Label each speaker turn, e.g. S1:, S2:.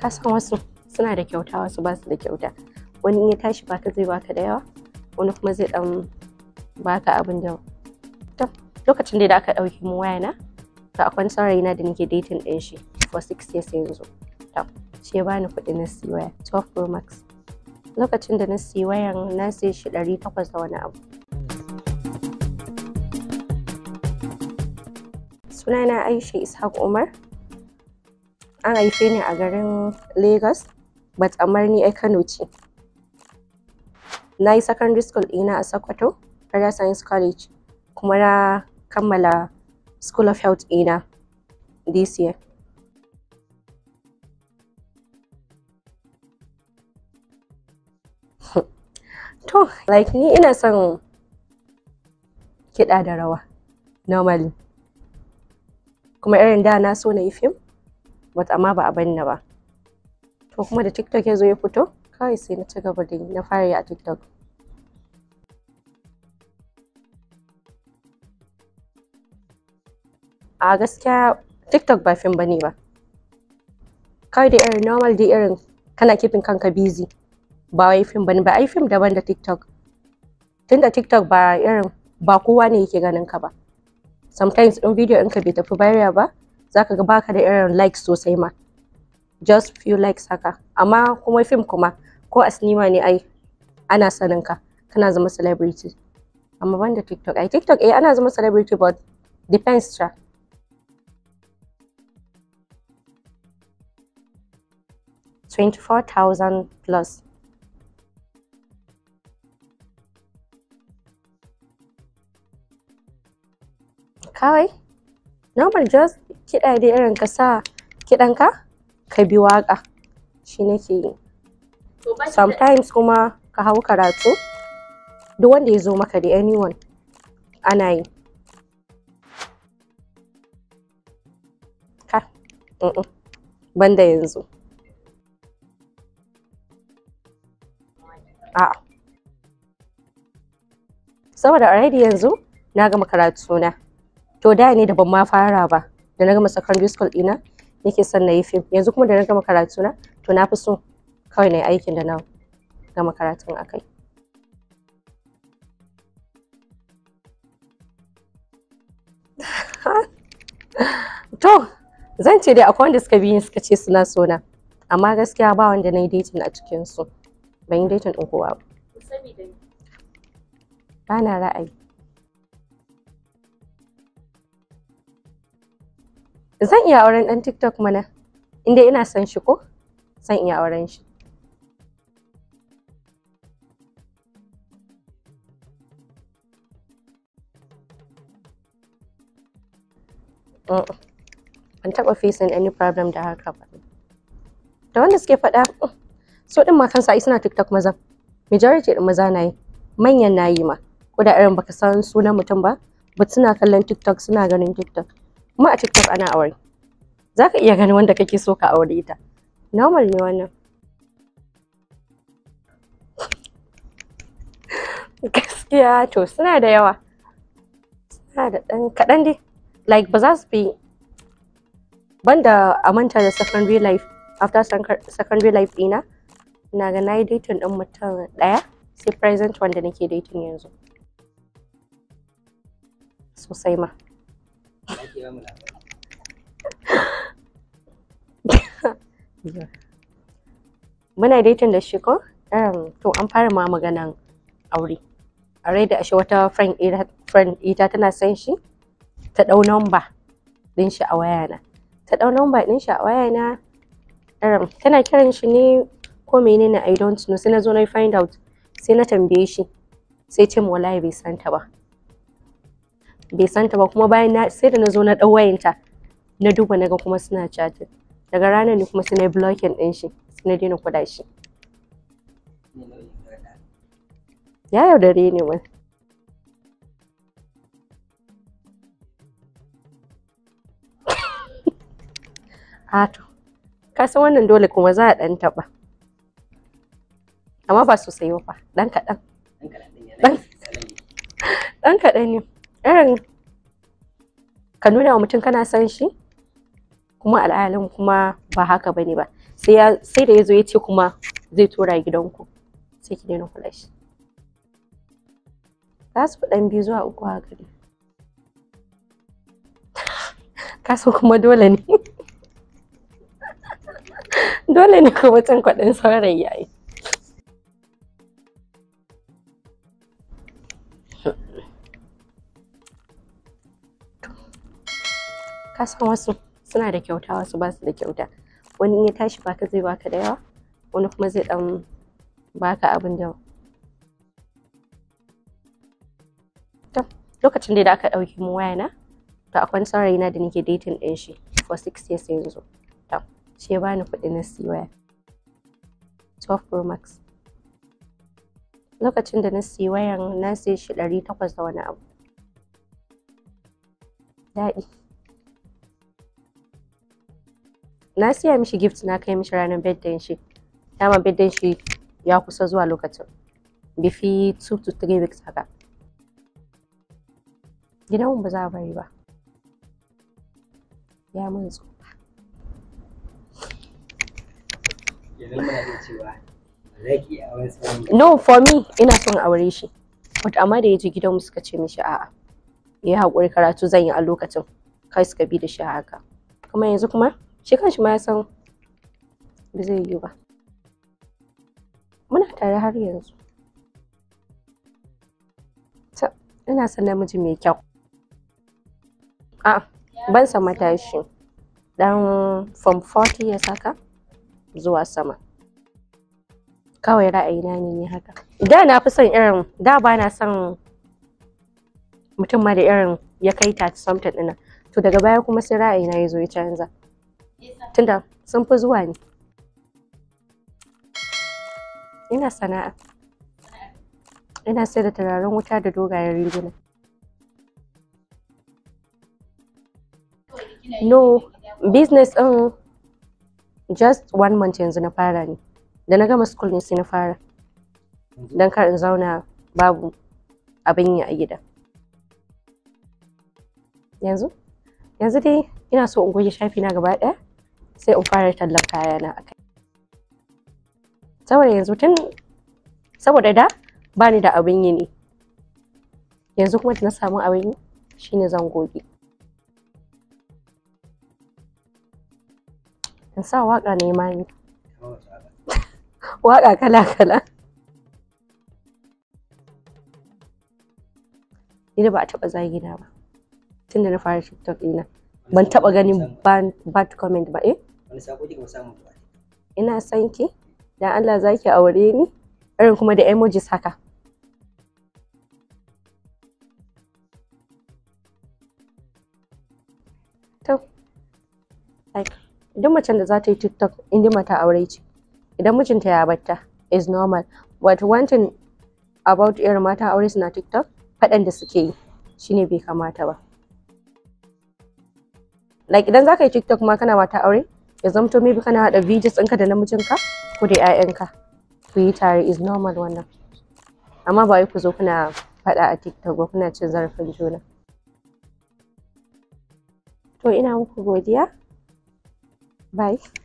S1: ka san wasu suna da kyauta wasu ba su da kyauta wani in ya tashi baka zai baka da yawa wani kuma zai dan baka abin da to lokacin da aka dauki mu waya na to akwai saurayi na da nake dating din shi for 6 years yanzu to shi ya bani kuɗi na siya waya 12 pro max lokacin da na siya wayan na sai shi 800 da wani abu sunana Aisha Ishaq Umar an haife ni a garin Lagos but a ni ai Kano ce na yi secondary school ina a Sokoto Federal Science College kuma na kammala School of Health ina this year to like ni ina son kiɗa da rawa normally kuma irin da na so na yi fim but amma ba a banna ba to kuma da tiktok ya zo ya fito kawai sai na ci gaba da na fara yi a tiktok a gaskiya tiktok ba fim bane ba kawai da irin normal da irin kana kifin kanka busy ba wai fim bane ba ai fim daban da tiktok tunda tiktok ba irin ba kowa ne yake ganin ka ba sometimes ɗin video ɗinka bai tafi viral ba zaka ga baka da irin likes sosai ma just few likes haka amma kuma film kuma ko a sinima ne ai ana sanin ka kana zama celebrity amma banda tiktok ai tiktok eh ana zama celebrity but depends cha Twenty-four thousand plus. Kawai, number just kiɗa dai irin ka sa kiɗanka ka bi waƙa shi nake yi sometimes kuma ka hau karatu duk wanda ya zo maka da anyone ana yi ka banda yanzu a'a saboda already yanzu na gama karatu na to da ne da ban ma fara ba da na gama secondary school ina nake son na yi fim yanzu kuma da na gama karatu na to na fi so kawai na yi aikin da na gama karatun akai to zan ce dai akwai wanda suka bi suka ce suna so amma gaskiya ba wanda na yi dating a cikin ban yi dating din kowa ba na ra'ayi zan iya auren ɗan tiktok mana inda ina son shi ko zan iya auren shi mm. ban taɓa facing any problem da haka ba da wanda suke faɗa mm, so ɗin ma kansa ai suna tiktok maza majority ɗin maza na yi manyan na yi ma ko da irin baka san sunan mutum ba but suna kallon tiktok suna ganin tiktok kuma a tiktok ana aure za ka iya ganin wanda kake so ka aure ita normal ne wannan gaskiya to suna da yawa suna da ɗan kaɗan dai like ba za su fi banda a manta da secondary life after secondary life ɗina na ga na yi dating ɗin mutum ɗaya sai present wanda nake dating yanzu sosai ma muna dating da shi ko um, to an fara ma maganan aure a rai da ashe wata friend ita tana son shi ta ɗau namba ɗin shi a wayana ta ɗau namba ɗin shi a wayana um, tana kiran shi ne ko menene i don't know sai na zo na find out sai na tambaye shi sai ce wallahi bai santa ba bai santa ba kuma bayan na sai da na zo na dau wayanta na duba naga kuma suna chatin daga ranar ne kuma sai blocking ɗin shi sai na kuɗa shi ya yaudare ne wani ato ah san wannan dole kuma za a ɗan taɓa amma ba sosai ba ɗan kaɗan ɗan kaɗan ne irin ka nuna wa mutum kana son shi kuma al'alin kuma ba haka bane ba sai da ya zo ya ce kuma zai tura gidanku sai ki daina kula shi za su ɗan biyu zuwa uku a gari kaso kuma dole ne dole ne kuma cin kwaɗin saurayi yayi ka san wasu suna da kyauta wasu ba su da kyauta wani in ya tashi baka zai baka da yawa wani kuma zai dan baka abin da to lokacin da aka dauki mu waya na to akwai saurayi na da nake dating din shi for 6 years yanzu to she ba bani kuɗi na siyo 12 Pro Max lokacin da na siyi wayan na sai shi ɗari takwas da wani abu daɗi na siya mishi gift na kai mishi ranar birthday shi dama birthday shi ya kusa zuwa lokacin bifi 2 to 3 weeks haka gidanmu ba za a bari ba ya mun tsufa no for me ina son aure shi but amma da ya gidan gidanmu suka ce mishi a'a ya haƙuri karatu zan yi a lokacin kai suka bi da shi haka kuma yanzu kuma shi kanshi ma ya san ba zai yiwu ba muna tare har yanzu ta ina son namiji mai kyau a ban san matashi dan from 40 ya saka zuwa sama kawai ra'ayina ne ne haka da na fi son irin da ba na son mutum ma da irin ya kai ta something ɗina to daga baya kuma sai ra'ayina ya zo ya canza tunda sun fi zuwa ne ina sana'a ina sai da turaren wuta da dogayen riguna no business ɗin just one month yanzu na fara ne da na gama school ne sai na fara don kar in zauna babu abin yi a gida yanzu yanzu dai ina so in goge shafi na gaba ɗaya sai in fara tallar kayana a kai saboda yanzu tun saboda da ba ni da abin yi ne yanzu kuma da na samu abin yi shine zan gobe in sa waka ne ma ni waka kala kala ni da ba a taɓa zagina ba tun da na fara tiktok ɗina ban taɓa ganin bad comment ba eh wani sako kika samu gaba ina son ki dan Allah za ki aure ni irin kuma da emojis haka to like idan macen da za ta yi tiktok inda ta aure ce idan mijinta ya batta is normal but one thing about irin mata aure suna tiktok faɗan da suke yi shine bai kamata ba like idan za ka yi tiktok ma kana mata aure ya zamto bi kana haɗa videos ɗinka da namijinka ko da 'ya'yanka ku yi tare is normal wannan amma ba wai ku zo kuna faɗa a tiktok ba kuna cin zarafin juna to ina muku godiya bye